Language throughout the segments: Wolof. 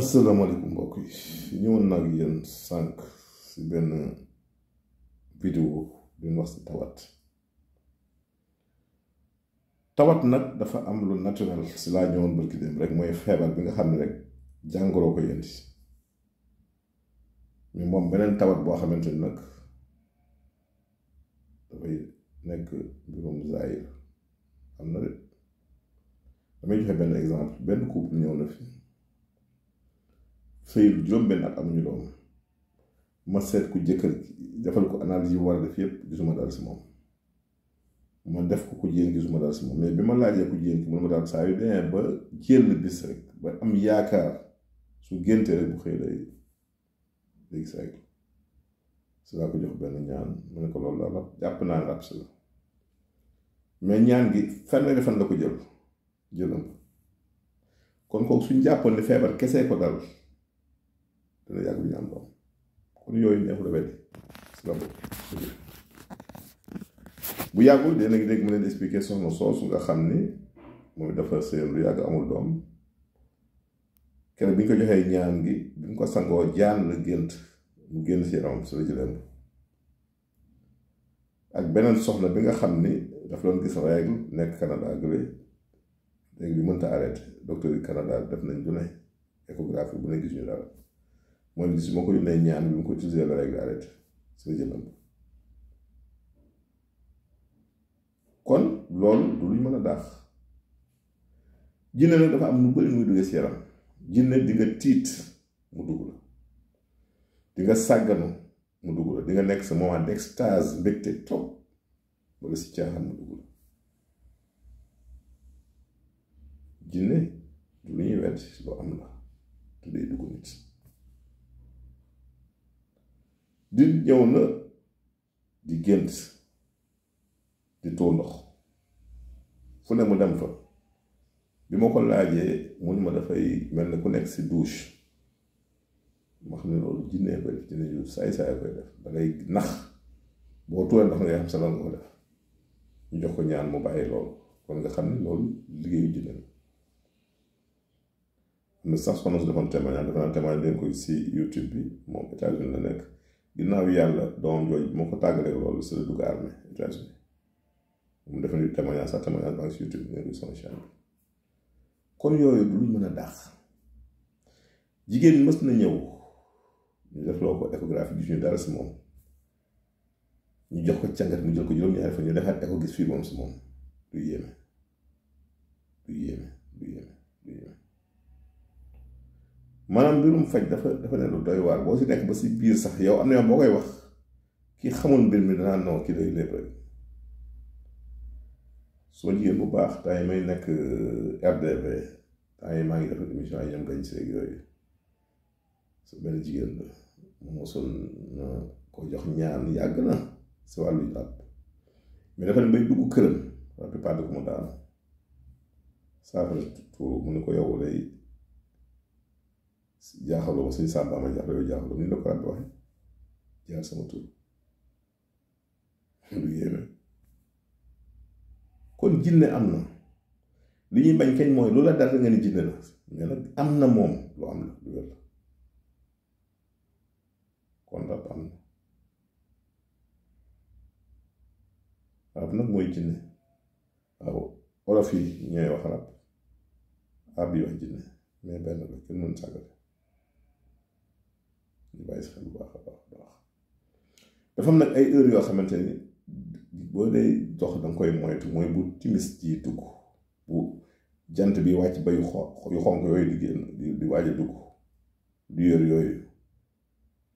asalaamaaleykum mbokk yi ñëwoon naa ak yéen sànq si benn vidéo bi ñu si tawat tawat nag dafa am lu naturel si laa ñëwoon barki dem rek mooy feebar bi nga xam ne rek jàngoroo ko yéen mais moom beneen tawat boo xamante ni nag dafay nekk mbirum zaayir am na de damay joxe benn exemple benn couple ñëw na fi. sëy juróom benn am amuñu doom ma seet ku jëkkër defal ko analise yu war def yëpp gisuma daal si moom ma def ko ku jigéen gisuma daal si moom mais bi ma laajee ku jigéen ki mun ma saa yu demee ba jël bis ba am yaakaar su géntee rek bu xëy day léegi saa yi si laa ko jox benn ñaan mu ne ko loolu daal jàpp naa rab si la mais ñaan gi fanweeri defan la ko jël jëlam kon kooku suñ jàppoon ne feebar kese ko dal dana yàgg du ñu am doom kon yooyu neexul a weddi si la bokk bu yàggul dina dégg mu leen expliquer soxna soosu nga xam ni moom dafa sëy lu yàgg amul doom kenn bi ñu ko joxee ñaan gi bi ñu ko sangoo jaan la gént mu génn si yaramam si la ci leen ak beneen soxna bi nga xam ni dafa doon gis nekk Canada gré léegi bi mënta arrêté docteur yi Canada def nañ bu ne échographie bu ne gis ñu dara mooy gis ma ko lim lay ñaan bi mu ko utilisé ba rek arrêté sama jël ëmb kon loolu du luñ mën a daax jinne nag dafa am lu bëri muy duggee si yaram jinne tiit mu di nga sàgganu di nga nekk sa moment d'extase mbégte trop wala si caaxaan mu dugg la lu ñuy wet loo am la tuddee dugg nit nit ñëw na di gént di tuur ndox fu ne mu dem fa bi ma ko laajee mun ma dafay mel ne ku nekk si douche ma xam ne loolu jinnee koy def jinne ju saay koy def nax boo tuuree ndox ngay xam jox ko ñaan mu bàyyi nga xam ne loolu jinne sax soxna su defoon témoignage dafa naan témoignage leen koy YouTube bi moom États-Unis la nekk ginnaaw yàlla doomam jooju moo ko tàggalee loolu si la dugg armée États-Unis mu def ni témoignage sax témoignage baa ngi si sama chaîne kon yooyu du luñ mën a dàq jigéen mës na ñëw ñu def loo ko échographie gis ñu dara si moom ñu jox ko càngat mu jël ko juróom-ñaari fan ñu defaat écho gis fii moom si moom du yéeme du yéeme maanaam mbirum faj dafa dafa ne lu doy waar boo si nekk ba si biir sax yow am na yoon boo koy wax ki xamul mbir mi danaa non ki day lépp su ma jigéen bu baax temps yi may nekk euh, RDV temps yi maa ngi na euh, ko jox ñaan yàgg na si wàllu jàpp mais dafa ne bay dugg këram la plupart ko mu daanu saafara tuuru mu ne ko yow lay jaaxaloo ma suñu sàmbaama jaaxle yow jaaxaloo ni la ko ànd waxee jaar sama tur lu yéeme kon jinne am na li ñuy bañ kañ mooy lu la dara nga ni jinne la mais nag am na moom lu am la lu wér la kon rab am na rab nag mooy jinne waaw olof yi ñooy wax rab rab yi wax jinne mais benn la kenn mën sàggate ñu bàyyi a baax a baax nag ay heures yoo xamante ni boo dee dox danga koy moytu mooy bu timis ji dugg bu jant bi wàcc ba yu xonq yu xonq yooyu di génn di waaj a dugg du yor yooyu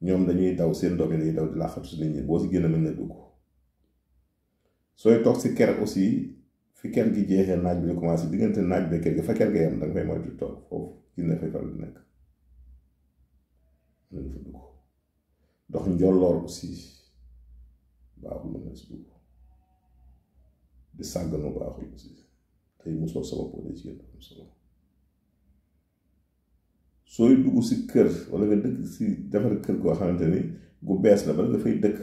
ñoom dañuy daw seen doom yi daw di laaxatu si nit ñi boo si génn mën na dugg sooy toog si ker aussi fi ker gi jeexee naaj bi di commencé diggante naaj bi ker gi fa ker ga yam danga fay moytu toog foofu jinne fay faral nekk nañ fa dugg dox njolloor aussi baaxul mën na si dugg di sàgganu baaxul si kër wala nga dëkk si defar kër xamante ni gu bees la bala nga fay dëkk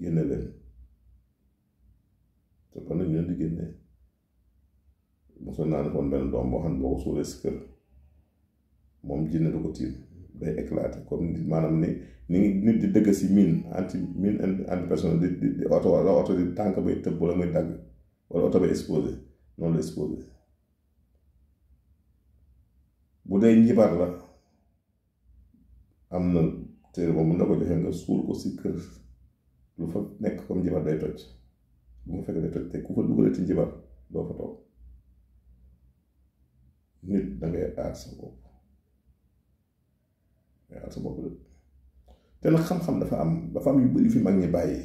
génne leen te kon nag ñu leen di génne mosoon naa ne kon benn doom boo xam ne ko suulee si kër moom jinne du ko tiim day éclaté comme maanaam ni nit di dëgg si mine anti mine antipersonnel di di di oto wala oto di tànk bay tëb wala muy dagg wala oto bay exposé noonu la exposé bu dee njibar la am na téere moom mun na ko joxe nga suul ko si kër lu fa nekk comme njibar day toj bu mu fekk day toj te ku fa dugalee ci njibar doo fa toog nit da aar sa bopp ak sa bopp te nag xam-xam dafa am dafa am yu bëri fi mag ñi bàyyi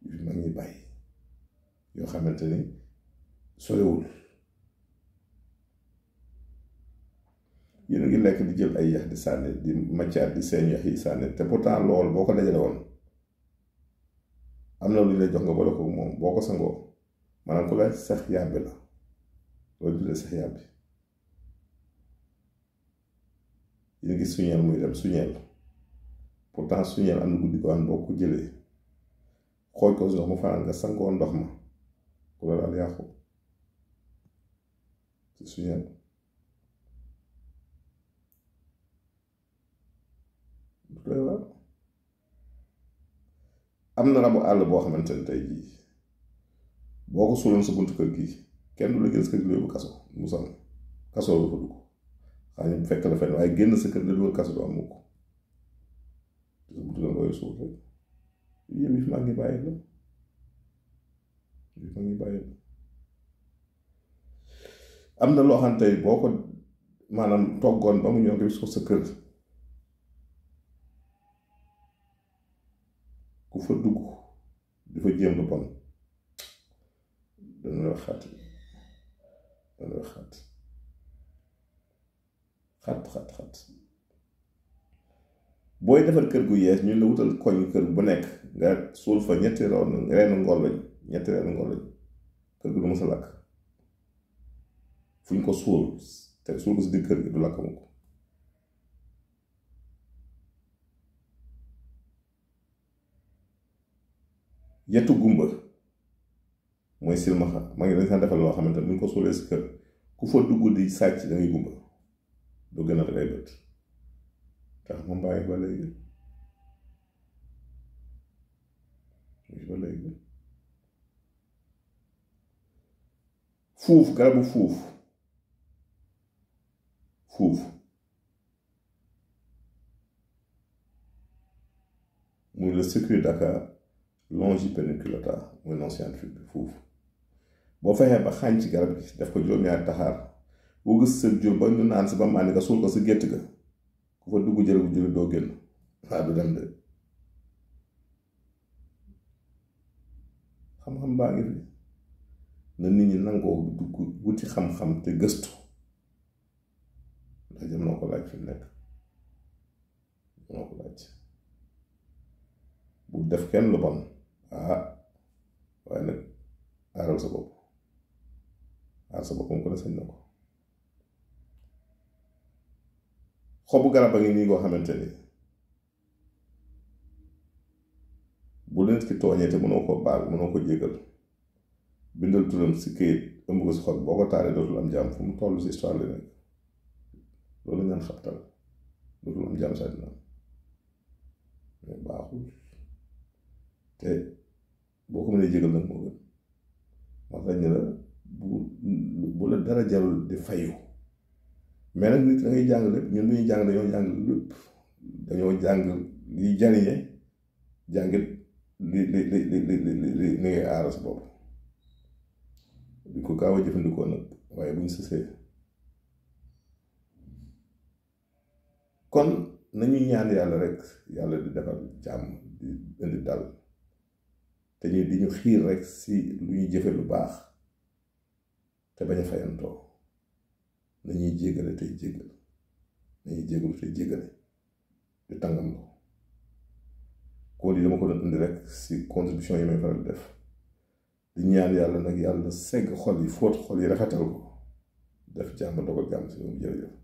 yu fi mag yoo xamante ni sorewul yéen a ngi lekk di jël ay yax di sànni di maccaat di seen yax yi sànni te pourtant lool boo ko dajale am na lu la jox nga boole ko moom boo ko sangoo maanaam ku la sax yàbbi la loolu du la yàbbi dina gis muy dem suñeel pourtant suñeel am na guddi ko am boo ko jëlee xooj ko ndox mu fanaan sangoo ndox ma ku la daal àll boo xamante ne tey jii boo ko suuloon sa buntu kër gi kenn du la gis kër gi lu yóbbu kaso musal kasoo la fa dugg Aí pega telefone, aí ganha se quer levar caso do amuco. Isso muito não vai sobre. E eu fiz mangi baile. Eu mangi baile. Am na lo xantay boko manam togon ba mu ñoo ko ko sa kër. Ku fa dugg difa jëm lu bon. Dana la xat. Dana la xat. xat xat xat booy defar kër gu yees ñu la wutal koñ kër bu nekk nga suul fa ñetti ron reenu ngoloñ ñetti reenu ngoloñ kër gi du mës a lakk fu ñu ko suul te suul ko si digg kër gi du lakk mu ko yetu gumba mooy silmaxa maa ngi dañ saan defal loo xamante ne bu ñu ko suulee si kër ku fa dugg di sàcc dangay gumba du gënal ay bët tax mu bàyyi ba léegi ba léegi fuuf garabu fuuf fuuf muy le circuit Dakar longipenniculata muy l'ancienne fuuf boo fexee ba xànc garab gi def ko juróom-ñaari taxaar boo gis sa jur ba ñu naan si ba màndi nga suul ko si gétt ga ku fa dugg jële bu juri doo génn waa du dem de xam-xam baa ngi fi na nit ñi nangoo dugg wuti xam-xam te gëstu ndax jëm na ko laaj fi nekk moo ko laaj bu def kenn lu bon ah waaye nag aaral sa bopp aar sa bopp mu ko ne sañ na ko xobu garab a ngi nii koo xamante ni bu leen ki tooñee te mënoo ko baal mënoo ko jégal bindal turam si këyit ëmb ko si xol boo ko taalee dootul la am jàmm sa dina baaxul te boo ko mënee jégal nag moo gën wax nañ ne la bu bu la dara jarul di fayu mais nag nit da ngay jàng lépp ñun lu ñuy jàng dañoo jàng lépp dañoo jàng liy jariñe jàngit li li li li li li li ngay aar sa bopp di ko gaaw a jëfandikoo nag waaye buñ sësee kon nañu ñaan yàlla rek yàlla di defal jàmm di indi dal te ñu di ñu xiir rek si lu jëfe lu baax te bañ a fayantoo nañuy jéggale tey jéggal nañuy jéggalu tey jéggale te tàngam ko kóol yi dama ko doon indi rek si contribution yi may faral def di ñaan yàlla nag yàlla segg xol yi fóot xol yi rafetal ko def jàmm dogal jàmm si moom jërëjëf